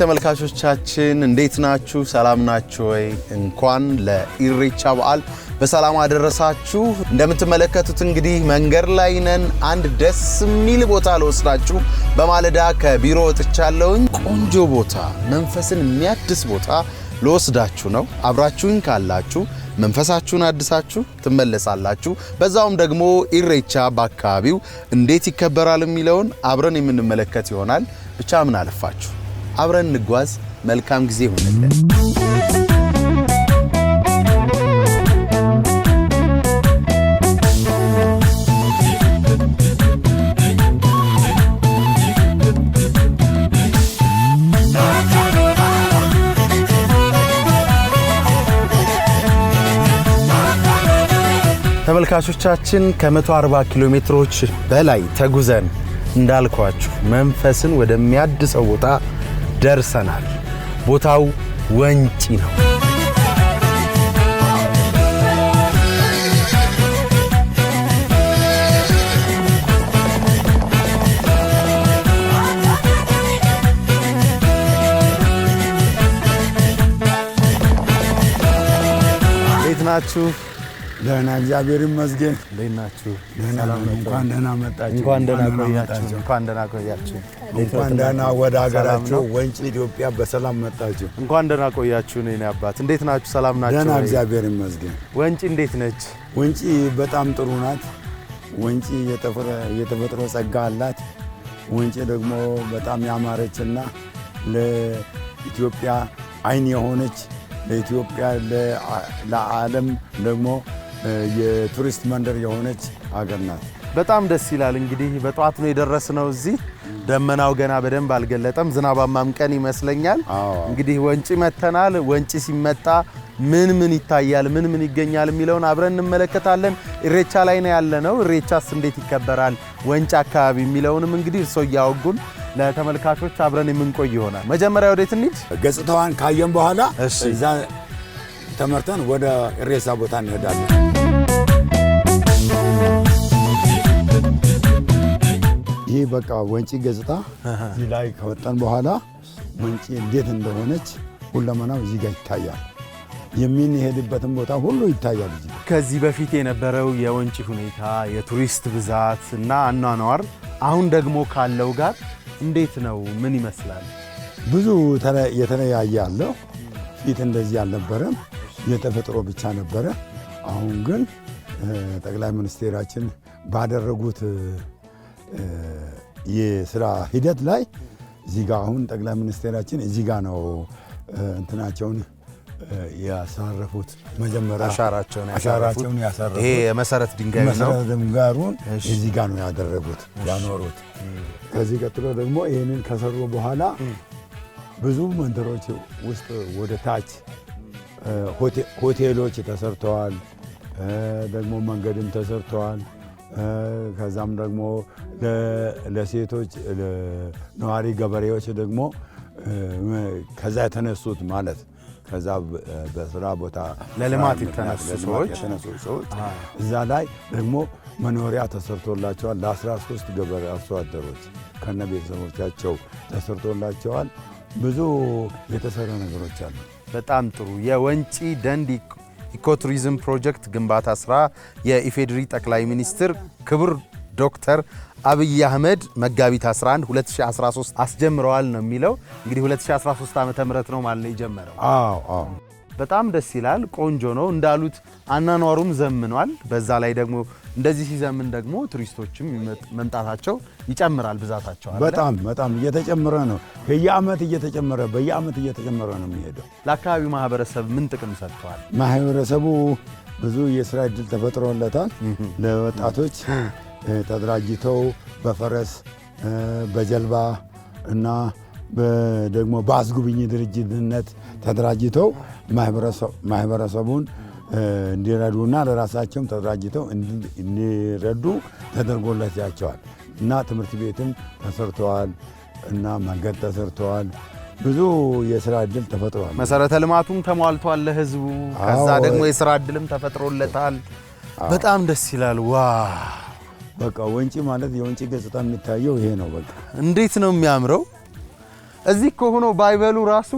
ተመልካቾቻችን እንዴት ናችሁ? ሰላም ናችሁ ወይ? እንኳን ለኢሬቻ በዓል በሰላም አደረሳችሁ። እንደምትመለከቱት እንግዲህ መንገድ ላይ ነን። አንድ ደስ የሚል ቦታ ለወስዳችሁ በማለዳ ከቢሮ ወጥቻለሁኝ። ቆንጆ ቦታ፣ መንፈስን የሚያድስ ቦታ ለወስዳችሁ ነው። አብራችሁኝ ካላችሁ መንፈሳችሁን አድሳችሁ ትመለሳላችሁ። በዛውም ደግሞ ኢሬቻ በአካባቢው እንዴት ይከበራል የሚለውን አብረን የምንመለከት ይሆናል። ብቻ ምን አለፋችሁ አብረን እንጓዝ። መልካም ጊዜ ይሆንልን። ተመልካቾቻችን ከ140 ኪሎ ሜትሮች በላይ ተጉዘን እንዳልኳችሁ መንፈስን ወደሚያድሰው ቦታ ደርሰናል። ቦታው ወንጪ ነው። ናችሁ ደህና እግዚአብሔር ይመስገን። እንዴት ናችሁ? እንኳን ደህና መጣችሁ። እንኳን ደህና ቆያችሁ። እንኳን ደህና ቆያችሁ። እንኳን ደህና ወደ ሀገራችሁ ኢትዮጵያ በሰላም መጣችሁ። እንኳን ደህና ቆያችሁ። እኔ አባት እንዴት ናችሁ? ሰላም ናችሁ? ደህና እግዚአብሔር ይመስገን። እንዴት ነች? ወንጭ በጣም ጥሩ ናት። ወንጭ የተፈጥሮ ጸጋ አላት። ወንጭ ደግሞ በጣም ያማረችና ለኢትዮጵያ አይን የሆነች ለኢትዮጵያ ለዓለም ደግሞ የቱሪስት መንደር የሆነች አገር ናት። በጣም ደስ ይላል። እንግዲህ በጠዋት ነው የደረስነው እዚህ። ደመናው ገና በደንብ አልገለጠም፣ ዝናባማም ቀን ይመስለኛል። እንግዲህ ወንጪ መተናል። ወንጪ ሲመጣ ምን ምን ይታያል፣ ምን ምን ይገኛል የሚለውን አብረን እንመለከታለን። እሬቻ ላይ ነው ያለነው። እሬቻስ እንዴት ይከበራል ወንጪ አካባቢ የሚለውንም እንግዲህ እርሶ እያወጉን ለተመልካቾች አብረን የምንቆይ ይሆናል። መጀመሪያ ወዴት እንሂድ? ገጽታዋን ካየን በኋላ እዛ ተመርተን ወደ እሬሳ ቦታ እንሄዳለን። ይህ በቃ ወንጪ ገጽታ እዚህ ላይ ከወጣን በኋላ ወንጪ እንዴት እንደሆነች ሁለመናው እዚህ ጋር ይታያል። የምንሄድበትን ቦታ ሁሉ ይታያል። ከዚህ በፊት የነበረው የወንጪ ሁኔታ፣ የቱሪስት ብዛት እና አኗኗር አሁን ደግሞ ካለው ጋር እንዴት ነው? ምን ይመስላል? ብዙ የተለያየ አለው። ፊት እንደዚህ አልነበረም፣ የተፈጥሮ ብቻ ነበረ። አሁን ግን ጠቅላይ ሚኒስቴራችን ባደረጉት የስራ ሂደት ላይ እዚህ ጋ አሁን ጠቅላይ ሚኒስቴራችን እዚህ ጋ ነው እንትናቸውን ያሳረፉት መጀመሪያ አሻራቸውን ያሳረፉት ይሄ የመሰረት ድንጋይ መሰረት ድንጋሩን እዚህ ጋ ነው ያደረጉት ያኖሩት። ከዚህ ቀጥሎ ደግሞ ይህንን ከሰሩ በኋላ ብዙ መንደሮች ውስጥ ወደ ታች ሆቴሎች ተሰርተዋል። ደግሞ መንገድም ተሰርተዋል። ከዛም ደግሞ ለሴቶች ነዋሪ ገበሬዎች ደግሞ ከዛ የተነሱት ማለት ከዛ በስራ ቦታ ለልማት የተነሱ ሰዎች እዛ ላይ ደግሞ መኖሪያ ተሰርቶላቸዋል። ለ13 ገበሬ አርሶ አደሮች ከነ ቤተሰቦቻቸው ተሰርቶላቸዋል። ብዙ የተሰሩ ነገሮች አሉ። በጣም ጥሩ። የወንጪ ደንድ ኢኮቱሪዝም ፕሮጀክት ግንባታ ስራ የኢፌዴሪ ጠቅላይ ሚኒስትር ክቡር ዶክተር አብይ አህመድ መጋቢት 11 2013 አስጀምረዋል ነው የሚለው። እንግዲህ 2013 ም ነው ማለት የጀመረው። አዎ አዎ በጣም ደስ ይላል። ቆንጆ ነው እንዳሉት አናኗሩም ዘምኗል። በዛ ላይ ደግሞ እንደዚህ ሲዘምን ደግሞ ቱሪስቶችም መምጣታቸው ይጨምራል ብዛታቸው በጣም በጣም እየተጨመረ ነው። በየአመት እየተጨመረ በየአመት እየተጨመረ ነው የሚሄደው። ለአካባቢው ማህበረሰብ ምን ጥቅም ሰጥተዋል? ማህበረሰቡ ብዙ የስራ እድል ተፈጥሮለታል። ለወጣቶች ተደራጅተው በፈረስ በጀልባ እና ደግሞ በአስጉብኝ ድርጅትነት ተደራጅተው ማህበረሰቡን እንዲረዱና ለራሳቸውም ተደራጅተው እንዲረዱ ተደርጎላቸዋል እና ትምህርት ቤትም ተሰርተዋል እና መንገድ ተሰርተዋል። ብዙ የስራ እድል ተፈጥሯል። መሰረተ ልማቱም ተሟልቷል ለህዝቡ። ከዛ ደግሞ የስራ እድልም ተፈጥሮለታል። በጣም ደስ ይላል። ዋ በቃ ወንጪ ማለት የወንጪ ገጽታ የሚታየው ይሄ ነው። በቃ እንዴት ነው የሚያምረው! እዚህ ከሆኖ ባይበሉ ራሱ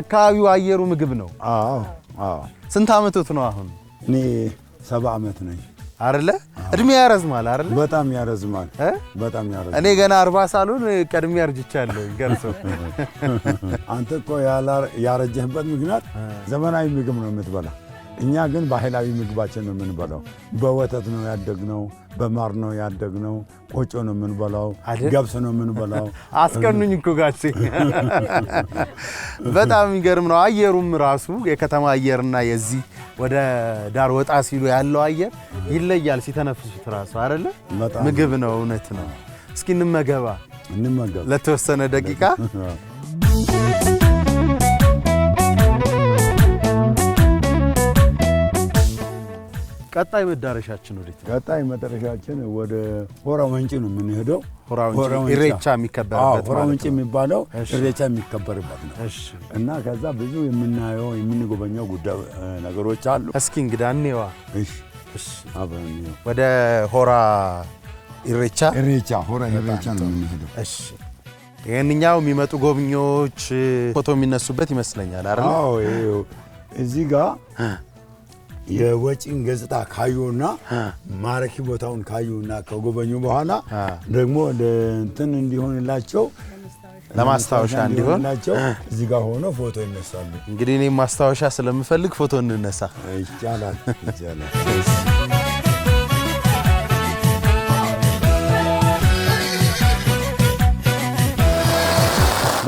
አካባቢው አየሩ ምግብ ነው። አዎ አዎ። ስንት አመቶት ነው አሁን? እኔ ሰባ አመት ነኝ አይደለ? እድሜ ያረዝማል አይደለ? በጣም ያረዝማል፣ በጣም ያረዝማል። እኔ ገና አርባ ሳሉን ቀድሜ ያርጅቻለሁ። ገርሶ አንተ እኮ ያላር ያረጀህበት ምክንያት ዘመናዊ ምግብ ነው የምትበላ እኛ ግን ባህላዊ ምግባችን ነው የምንበላው። በወተት ነው ያደግነው፣ በማር ነው ያደግነው፣ ቆጮ ነው የምንበላው፣ ገብስ ነው የምንበላው። አስቀኑኝ እኮ ጋሴ፣ በጣም የሚገርም ነው። አየሩም ራሱ የከተማ አየርና የዚህ ወደ ዳር ወጣ ሲሉ ያለው አየር ይለያል። ሲተነፍሱት ራሱ አይደለ ምግብ ነው። እውነት ነው። እስኪ እንመገባ እንመገብ ለተወሰነ ደቂቃ ቀጣይ መዳረሻችን ወዴት ነው? ቀጣይ መዳረሻችን ወደ ሆራ ወንጪ ነው የምንሄደው። ሆራ ወንጪ ኢሬቻ የሚከበርበት ሆራ ወንጪ የሚባለው ኢሬቻ የሚከበርበት ነው እና ከዛ ብዙ የምናየው የምንጎበኘው ጉዳይ ነገሮች አሉ። እስኪ እንግዳ እንየዋ። ወደ ሆራ ኢሬቻ ኢሬቻ ሆራ ኢሬቻ ነው የምንሄደው። እሺ ይህንኛው የሚመጡ ጎብኚዎች ፎቶ የሚነሱበት ይመስለኛል አይደል? አዎ እዚህ ጋር የወጪን ገጽታ ካዩና ማራኪ ቦታውን ካዩና ከጎበኙ በኋላ ደግሞ እንትን እንዲሆንላቸው ለማስታወሻ እንዲሆንላቸው እዚህ ጋር ሆኖ ፎቶ ይነሳሉ። እንግዲህ እኔም ማስታወሻ ስለምፈልግ ፎቶ እንነሳ ይቻላል። ይቻላል።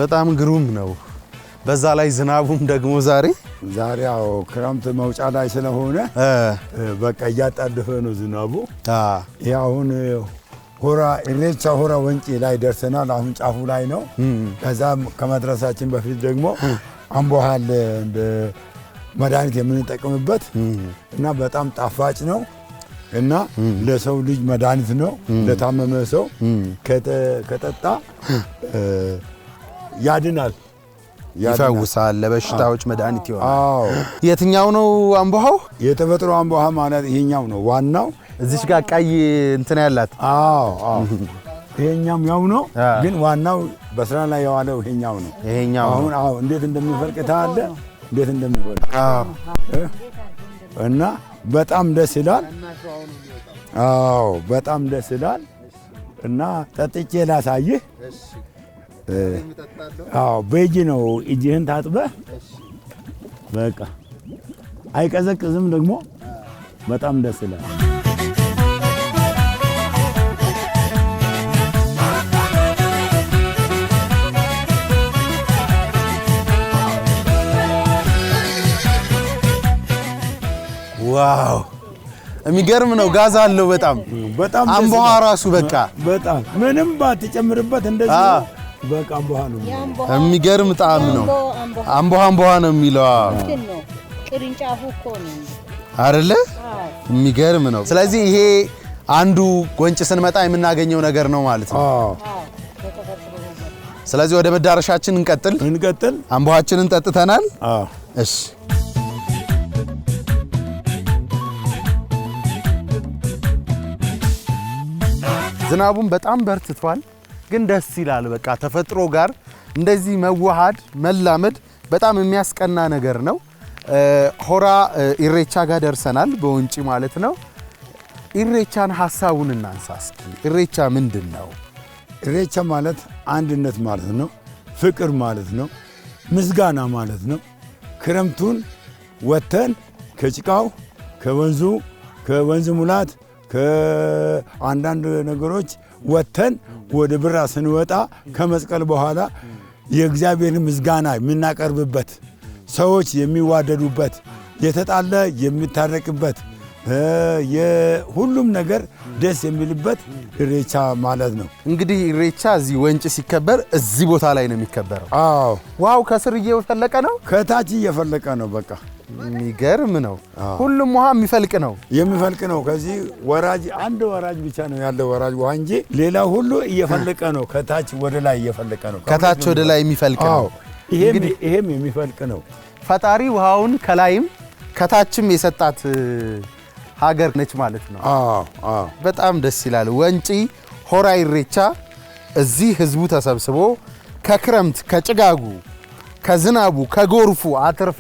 በጣም ግሩም ነው። በዛ ላይ ዝናቡም ደግሞ ዛሬ ዛሬ ያው ክረምት መውጫ ላይ ስለሆነ በቃ እያጣደፈ ነው ዝናቡ። አሁን ሆራ ኢሬቻ ሆራ ወንጪ ላይ ደርሰናል። አሁን ጫፉ ላይ ነው። ከዛ ከመድረሳችን በፊት ደግሞ አምቦሃል መድኃኒት የምንጠቀምበት እና በጣም ጣፋጭ ነው እና ለሰው ልጅ መድኃኒት ነው። ለታመመ ሰው ከጠጣ ያድናል። ይፈውሳል፣ ለበሽታዎች መድኃኒት ይሆናል። የትኛው ነው አምቦሃው? የተፈጥሮ አምቦሃ ማለት ይሄኛው ነው ዋናው። እዚች ጋር ቀይ እንትን ያላት ይሄኛም ያው ነው፣ ግን ዋናው በስራ ላይ የዋለው ይሄኛው ነው። ይሄኛው አሁን አዎ፣ እንዴት እንደሚፈልቅ ታያለህ፣ እንዴት እንደሚፈልቅ እና በጣም ደስ ይላል። አዎ፣ በጣም ደስ ይላል። እና ጠጥቼ ላሳይህ አዎ በእጅ ነው። እጅህን ታጥበህ በቃ አይቀዘቅዝም። ደግሞ በጣም ደስ ይላል። ዋው የሚገርም ነው። ጋዛ አለው በጣም በጣም አምቦ ራሱ በቃ በጣም ምንም ባትጨምርበት እንደዚህ በቃ አምቦሃ ነው የሚገርም ጣዕም ነው። አምቦሃ አምቦሃ ነው የሚለው ቅርንጫፉ እኮ አይደለ? የሚገርም ነው። ስለዚህ ይሄ አንዱ ጎንጭ ስንመጣ የምናገኘው ነገር ነው ማለት ነው። ስለዚህ ወደ መዳረሻችን እንቀጥል እንቀጥል። አምቦሃችንን ጠጥተናል። እሺ ዝናቡን በጣም በርትቷል። ግን ደስ ይላል። በቃ ተፈጥሮ ጋር እንደዚህ መዋሃድ መላመድ በጣም የሚያስቀና ነገር ነው። ሆራ ኢሬቻ ጋር ደርሰናል፣ በወንጪ ማለት ነው። ኢሬቻን ሀሳቡን እናንሳ እስኪ። ኢሬቻ ምንድን ነው? ኢሬቻ ማለት አንድነት ማለት ነው፣ ፍቅር ማለት ነው፣ ምስጋና ማለት ነው። ክረምቱን ወጥተን ከጭቃው ከወንዙ ከወንዝ ሙላት ከአንዳንድ ነገሮች ወጥተን ወደ ብራ ስንወጣ ከመስቀል በኋላ የእግዚአብሔር ምስጋና የምናቀርብበት ሰዎች የሚዋደዱበት የተጣለ የሚታረቅበት ሁሉም ነገር ደስ የሚልበት ኢሬቻ ማለት ነው። እንግዲህ ኢሬቻ እዚህ ወንጭ ሲከበር እዚህ ቦታ ላይ ነው የሚከበረው። አዎ፣ ዋው! ከስር እየፈለቀ ነው፣ ከታች እየፈለቀ ነው። በቃ የሚገርም ነው። ሁሉም ውሃ የሚፈልቅ ነው የሚፈልቅ ነው። ከዚህ ወራጅ አንድ ወራጅ ብቻ ነው ያለው ወራጅ ውሃ እንጂ ሌላ ሁሉ እየፈለቀ ነው። ከታች ወደ ላይ እየፈለቀ ነው። ከታች ወደ ላይ የሚፈልቅ ነው። ይሄም የሚፈልቅ ነው። ፈጣሪ ውሃውን ከላይም ከታችም የሰጣት ሀገር ነች ማለት ነው። በጣም ደስ ይላል። ወንጪ ሆራ ኢሬቻ እዚህ ህዝቡ ተሰብስቦ ከክረምት ከጭጋጉ ከዝናቡ ከጎርፉ አትርፈ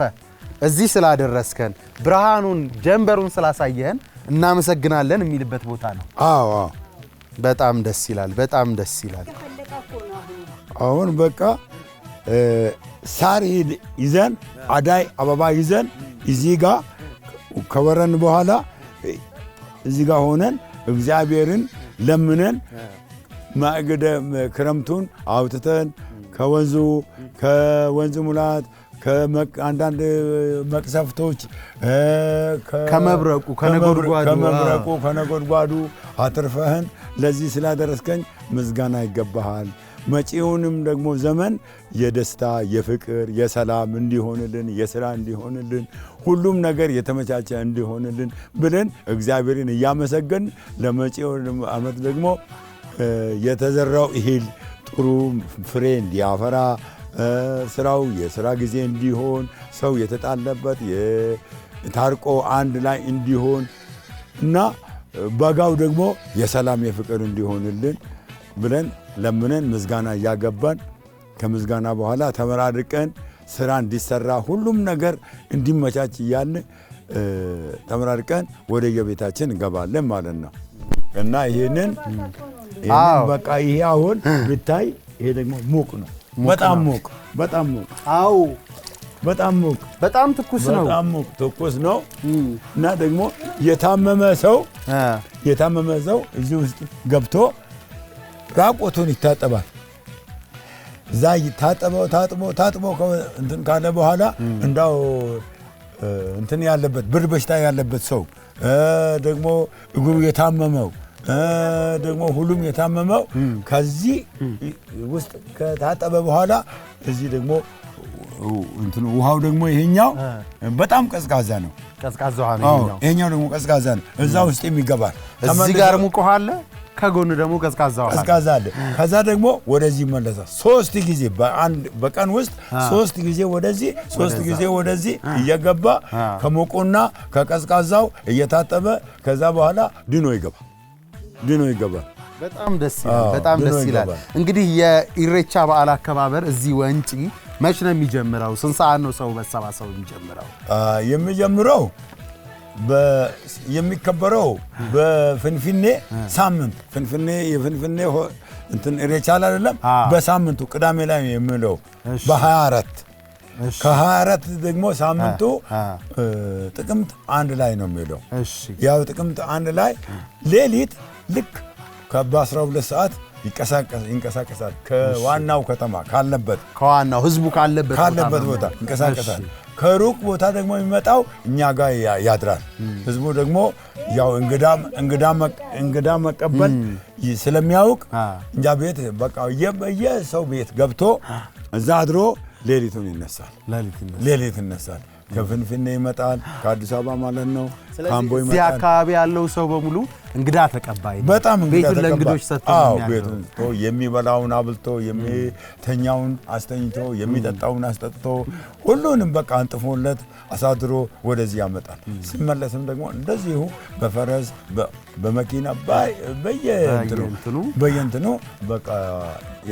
እዚህ ስላደረስከን ብርሃኑን ጀንበሩን ስላሳየህን እናመሰግናለን የሚልበት ቦታ ነው። አዎ በጣም ደስ ይላል። በጣም ደስ ይላል። አሁን በቃ ሳር ይዘን አዳይ አበባ ይዘን እዚህ ጋ ከወረን በኋላ እዚህ ጋ ሆነን እግዚአብሔርን ለምነን ማእገደ ክረምቱን አውጥተን ከወንዙ ከወንዝ ሙላት ከአንዳንድ መቅሰፍቶች ከመብረቁ ከነጎድጓዱ ከነጎድጓዱ አትርፈህን ለዚህ ስላደረስከኝ ምስጋና ይገባሃል። መጪውንም ደግሞ ዘመን የደስታ የፍቅር፣ የሰላም እንዲሆንልን የስራ እንዲሆንልን ሁሉም ነገር የተመቻቸ እንዲሆንልን ብለን እግዚአብሔርን እያመሰገን ለመጪው ዓመት ደግሞ የተዘራው እህል ጥሩ ፍሬ እንዲያፈራ ስራው የስራ ጊዜ እንዲሆን፣ ሰው የተጣለበት ታርቆ አንድ ላይ እንዲሆን እና በጋው ደግሞ የሰላም የፍቅር እንዲሆንልን ብለን ለምነን ምዝጋና እያገባን ከምዝጋና በኋላ ተመራርቀን ስራ እንዲሰራ ሁሉም ነገር እንዲመቻች እያልን ተመራርቀን ወደ የቤታችን እንገባለን ማለት ነው እና ይህንን በቃ ይሄ አሁን ብታይ ይሄ ደግሞ ሙቅ ነው በጣም ሞቅ በጣም ሞቅ አዎ፣ በጣም ሞቅ በጣም ትኩስ ነው። በጣም ሞቅ ትኩስ ነው እና ደግሞ የታመመ ሰው የታመመ ሰው እዚህ ውስጥ ገብቶ ራቆቱን ይታጠባል። እዛ ታጥቦ ታጥቦ ታጥቦ እንትን ካለ በኋላ እንዳው እንትን ያለበት ብር በሽታ ያለበት ሰው ደግሞ እግሩ የታመመው ደግሞ ሁሉም የታመመው ከዚህ ውስጥ ከታጠበ በኋላ እዚህ ደግሞ እንትኑ ውሃው ደግሞ ይሄኛው በጣም ቀዝቃዛ ነው። ይሄኛው ደግሞ ቀዝቃዛ ነው። እዛ ውስጥ የሚገባል። እዚህ ጋር ሙቅ ውሃ አለ፣ ከጎኑ ደግሞ ቀዝቃዛ ቀዝቃዛ አለ። ከዛ ደግሞ ወደዚህ መለሳል። ሶስት ጊዜ በአንድ በቀን ውስጥ ሶስት ጊዜ ወደዚህ፣ ሶስት ጊዜ ወደዚህ እየገባ ከሞቁና ከቀዝቃዛው እየታጠበ ከዛ በኋላ ድኖ ይገባል። ድኖ ይገባል። በጣም ደስ ይላል። በጣም ደስ ይላል። እንግዲህ የኢሬቻ በዓል አከባበር እዚህ ወንጪ መች ነው የሚጀምረው? ስንት ሰዓት ነው ሰው መሰባሰብ የሚጀምረው? የሚጀምረው የሚከበረው በፍንፍኔ ሳምንት ፍንፍኔ የፍንፍኔ እንትን ኢሬቻ ላይ አይደለም፣ በሳምንቱ ቅዳሜ ላይ የሚለው በ24 ከ24 ደግሞ ሳምንቱ ጥቅምት አንድ ላይ ነው የሚለው ያው ጥቅምት አንድ ላይ ሌሊት ልክ በ12 ሰዓት ይንቀሳቀሳል። ከዋናው ከተማ ካለበት ከዋናው ህዝቡ ካለበት ቦታ ይንቀሳቀሳል። ከሩቅ ቦታ ደግሞ የሚመጣው እኛ ጋር ያድራል። ህዝቡ ደግሞ ያው እንግዳ መቀበል ስለሚያውቅ እንጃ ቤት በቃ ሰው ቤት ገብቶ እዛ አድሮ ሌሊቱን ይነሳል። ሌሊት ይነሳል። ከፍንፍኔ ይመጣል ከአዲስ አበባ ማለት ነው። ስለዚህ አካባቢ ያለው ሰው በሙሉ እንግዳ ተቀባይ በጣም ቤቱን ለእንግዶች ሰጥቶ የሚበላውን አብልቶ የሚተኛውን አስተኝቶ የሚጠጣውን አስጠጥቶ ሁሉንም በቃ አንጥፎለት አሳድሮ ወደዚህ ያመጣል። ሲመለስም ደግሞ እንደዚሁ በፈረስ በመኪና በየንትኑ በየንትኑ በቃ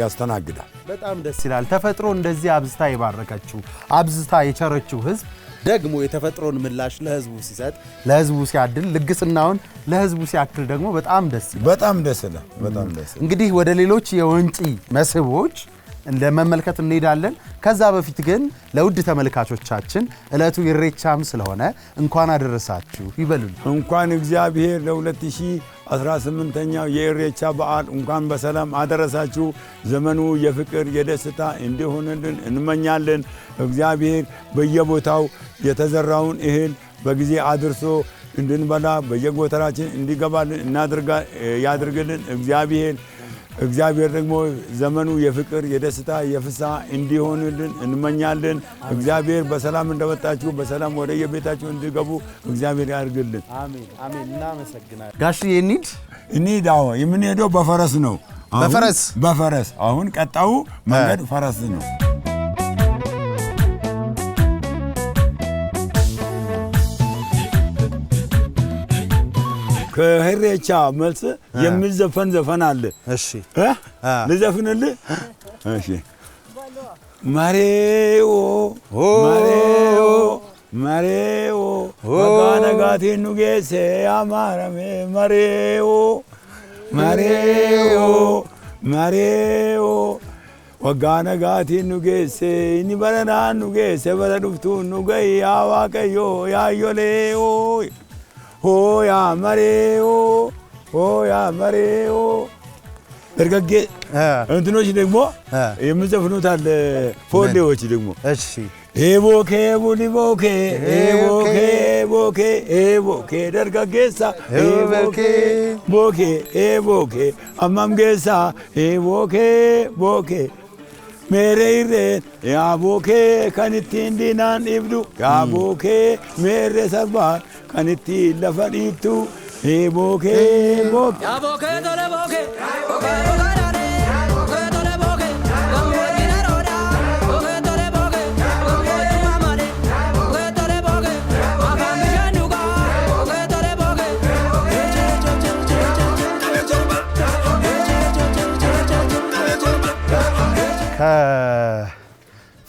ያስተናግዳል። በጣም ደስ ይላል። ተፈጥሮ እንደዚህ አብዝታ የባረከችው አብዝታ የቸረችው ህዝብ ደግሞ የተፈጥሮን ምላሽ ለህዝቡ ሲሰጥ ለህዝቡ ሲያድል ልግስናውን ለህዝቡ ሲያክል ደግሞ በጣም ደስ ይላል። በጣም ደስ ይላል። በጣም ደስ ይላል። እንግዲህ ወደ ሌሎች የወንጪ መስህቦች ለመመልከት እንሄዳለን። ከዛ በፊት ግን ለውድ ተመልካቾቻችን እለቱ ኢሬቻም ስለሆነ እንኳን አደረሳችሁ ይበሉን። እንኳን እግዚአብሔር ለ2018ኛው የኢሬቻ በዓል እንኳን በሰላም አደረሳችሁ። ዘመኑ የፍቅር የደስታ እንዲሆንልን እንመኛለን። እግዚአብሔር በየቦታው የተዘራውን እህል በጊዜ አድርሶ እንድንበላ በየጎተራችን እንዲገባልን እናድርጋ ያድርግልን እግዚአብሔር እግዚአብሔር ደግሞ ዘመኑ የፍቅር የደስታ የፍሳ እንዲሆንልን እንመኛለን። እግዚአብሔር በሰላም እንደመጣችሁ በሰላም ወደ የቤታችሁ እንዲገቡ እግዚአብሔር ያድርግልን። ጋሽ እንሂድ እንሂድ። አዎ የምንሄደው በፈረስ ነው። በፈረስ በፈረስ አሁን ቀጣው መንገድ ፈረስ ነው። ከኢሬቻ መልስ የምዘፈን ዘፈን አለ። እሺ ልዘፍንልህ? እሺ ማሬዎ ማሬዎ ማሬዎ ወጋነጋቲ ኑጌሴ አማረሜ ማሬዎ ማሬዎ ማሬዎ ወጋነጋቲ ኑጌሴ ኒበረና ኑጌሴ በረዱፍቱ ኑገይ ያዋቀዮ ያዮሌዎ ሆያ መሬዎ ሆያ መሬዎ እርገጌ እንትኖች ደግሞ የምዘፍኑት አለ። ፎሌዎች ደግሞ ኤቦኬ ቡሊቦኬ ኤቦኬ ቦኬ ኤቦኬ ደርጋጌሳ ኤቦኬ ቦኬ ኤቦኬ አማምጌሳ ኤቦኬ ቦኬ ሜሬይሬን ያቦኬ ከንቲንዲናን ኢብዱ ያቦኬ ሜሬ ሰርባን kan itti lafa dhiittu bookee bookee.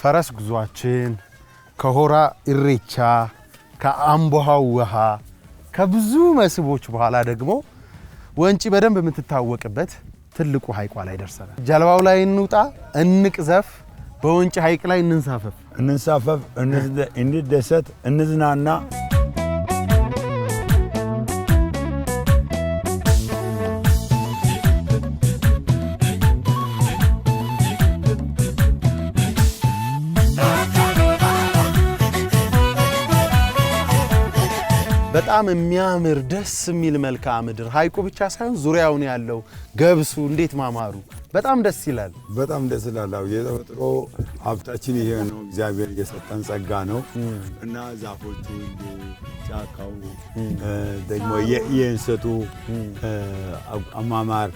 ከፈረስ ጉዟችን ከሆራ ኢሬቻ ከአምቦሃው ውሃ ከብዙ መስህቦች በኋላ ደግሞ ወንጪ በደንብ የምትታወቅበት ትልቁ ሐይቋ ላይ ደርሰናል። ጀልባው ላይ እንውጣ፣ እንቅዘፍ፣ በወንጪ ሐይቅ ላይ እንንሳፈፍ፣ እንንሳፈፍ፣ እንደሰት፣ እንዝናና። በጣም የሚያምር ደስ የሚል መልክዓ ምድር ሀይቁ ብቻ ሳይሆን ዙሪያውን ያለው ገብሱ እንዴት ማማሩ በጣም ደስ ይላል። በጣም ደስ ይላል። የተፈጥሮ ሀብታችን ይሄ ነው፣ እግዚአብሔር የሰጠን ጸጋ ነው እና ዛፎቹ፣ ጫካው ደግሞ የእንሰቱ አማማር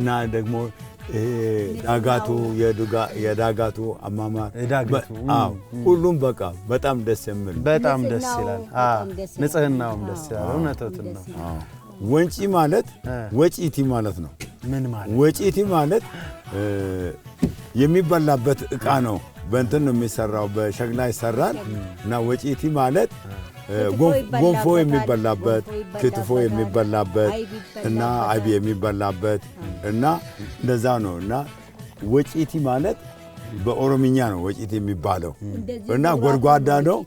እና ደግሞ ዳጋቱ የዳጋቱ አማማር ሁሉም በቃ በጣም ደስ የሚል በጣም ደስ ይላል። ንጽህናውም ደስ ይላል። እውነቶትን ነው። ወንጪ ማለት ወጪቲ ማለት ነው። ምን ማለት ወጪቲ ማለት የሚበላበት እቃ ነው። በእንትን ነው የሚሰራው፣ በሸግላ ይሰራል እና ወጪቲ ማለት ጎንፎ የሚበላበት፣ ክትፎ የሚበላበት እና አይብ የሚበላበት እና እንደዛ ነው እና ወጪቲ ማለት በኦሮምኛ ነው ወጪት የሚባለው እና ጎድጓዳ ነው።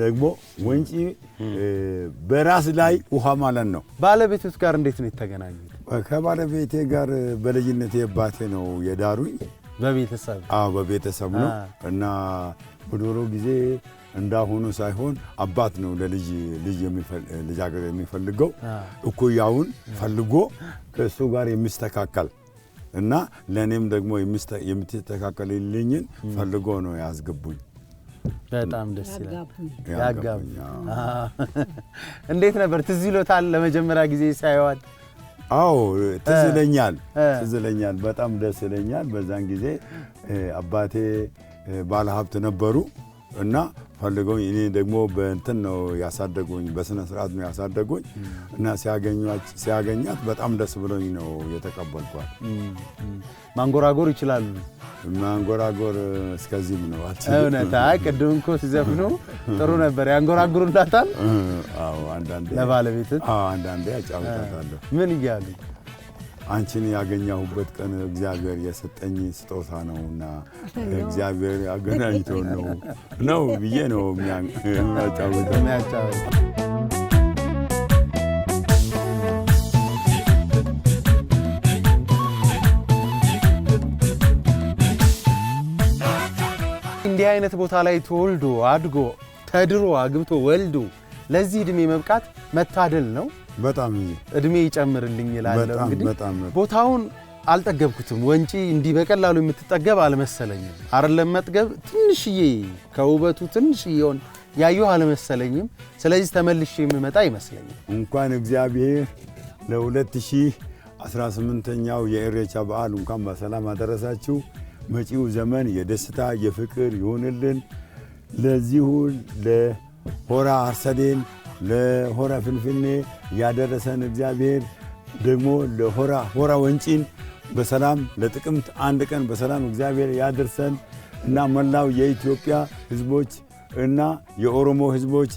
ደግሞ ወንጪ በራስ ላይ ውሃ ማለት ነው። ባለቤቶች ጋር እንዴት ነው የተገናኙ? ከባለቤቴ ጋር በልጅነት የባቴ ነው የዳሩኝ። በቤተሰብ አዎ፣ በቤተሰብ ነው እና በዶሮ ጊዜ እንዳሁኑ ሳይሆን አባት ነው ለልጅ ልጅ ልጃገር የሚፈልገው እኩያውን ፈልጎ ከእሱ ጋር የሚስተካከል እና ለእኔም ደግሞ የምትስተካከልልኝን ፈልጎ ነው ያስገቡኝ። በጣም ደስ ይላል። ያጋቡ እንዴት ነበር? ትዝ ይሎታል ለመጀመሪያ ጊዜ ሳይዋል? አዎ ትዝ ይለኛል፣ ትዝ ይለኛል። በጣም ደስ ይለኛል። በዛን ጊዜ አባቴ ባለሀብት ነበሩ እና ፈልገውኝ እኔ ደግሞ በእንትን ነው ያሳደጉኝ፣ በስነ ስርዓት ነው ያሳደጉኝ እና ሲያገኛት በጣም ደስ ብሎኝ ነው የተቀበልኳት። ማንጎራጎር ይችላሉ። ማንጎራጎር እስከዚህ ነው። እውነት ቅድም እኮ ሲዘፍኑ ጥሩ ነበር። ያንጎራጉሩላታል። አንዳንዴ ለባለቤት አንዳንዴ ያጫውታታለሁ። ምን እያሉ አንቺን ያገኘሁበት ቀን እግዚአብሔር የሰጠኝ ስጦታ ነውና እግዚአብሔር አገናኝቶ ነው ነው ብዬ ነው የሚያጫወተው። እንዲህ አይነት ቦታ ላይ ተወልዶ አድጎ ተድሮ አግብቶ ወልዶ ለዚህ እድሜ መብቃት መታደል ነው። በጣም እድሜ ይጨምርልኝ ይላለሁ። እንግዲህ ቦታውን አልጠገብኩትም። ወንጪ እንዲህ በቀላሉ የምትጠገብ አልመሰለኝም። አይደለም መጥገብ ትንሽዬ ከውበቱ ትንሽዬ ያየሁ አልመሰለኝም። ስለዚህ ተመልሼ የምመጣ ይመስለኛል። እንኳን እግዚአብሔር ለ2018ኛው የኢሬቻ በዓል እንኳን በሰላም አደረሳችሁ። መጪው ዘመን የደስታ የፍቅር ይሆንልን ለዚሁ ሆራ አርሰዴን ለሆራ ፍንፍኔ ያደረሰን እግዚአብሔር ደግሞ ለሆራ ሆራ ወንጪን በሰላም ለጥቅምት አንድ ቀን በሰላም እግዚአብሔር ያደርሰን እና መላው የኢትዮጵያ ሕዝቦች እና የኦሮሞ ሕዝቦች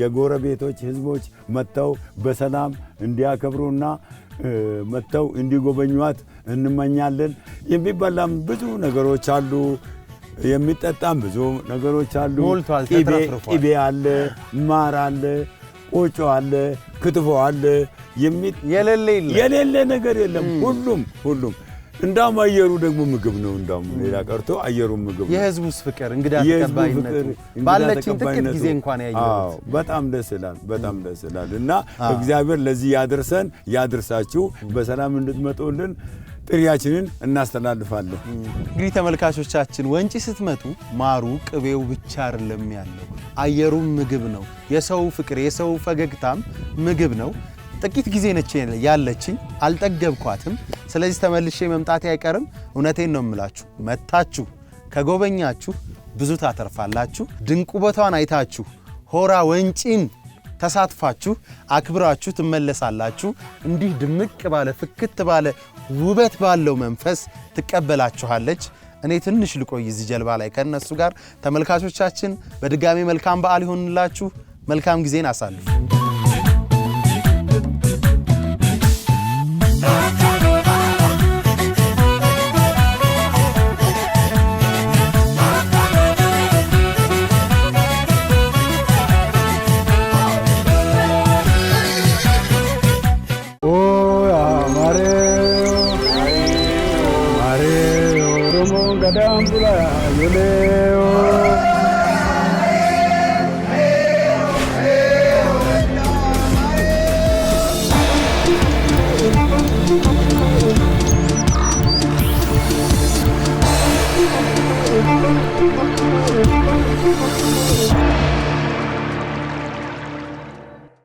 የጎረቤቶች ሕዝቦች መጥተው በሰላም እንዲያከብሩና መጥተው እንዲጎበኟት እንመኛለን። የሚበላም ብዙ ነገሮች አሉ። የሚጠጣም ብዙ ነገሮች አሉ። ቅቤ አለ፣ ማር አለ፣ ቆጮ አለ፣ ክትፎ አለ። የሌለ ነገር የለም። ሁሉም ሁሉም እንዳውም አየሩ ደግሞ ምግብ ነው። እንዳውም ሌላ ቀርቶ አየሩ ምግብ ነው። የህዝቡስ ፍቅር፣ እንግዳ ተቀባይነቱ ባለችን ጥቂት ጊዜ እንኳን ያየሁት በጣም ደስ ይላል። በጣም ደስ ይላል እና እግዚአብሔር ለዚህ ያድርሰን፣ ያድርሳችሁ፣ በሰላም እንድትመጡልን ጥሪያችንን እናስተላልፋለን። እንግዲህ ተመልካቾቻችን ወንጪ ስትመጡ ማሩ ቅቤው ብቻ አይደለም ያለው፣ አየሩም ምግብ ነው። የሰው ፍቅር የሰው ፈገግታም ምግብ ነው። ጥቂት ጊዜ ነች ያለችኝ፣ አልጠገብኳትም። ስለዚህ ተመልሼ መምጣቴ አይቀርም። እውነቴን ነው የምላችሁ፣ መታችሁ ከጎበኛችሁ ብዙ ታተርፋላችሁ። ድንቁ ውበቷን አይታችሁ ሆራ ወንጪን ተሳትፋችሁ አክብራችሁ ትመለሳላችሁ። እንዲህ ድምቅ ባለ ፍክት ባለ ውበት ባለው መንፈስ ትቀበላችኋለች። እኔ ትንሽ ልቆይ እዚህ ጀልባ ላይ ከእነሱ ጋር። ተመልካቾቻችን በድጋሚ መልካም በዓል ይሆንላችሁ። መልካም ጊዜን አሳልፉ።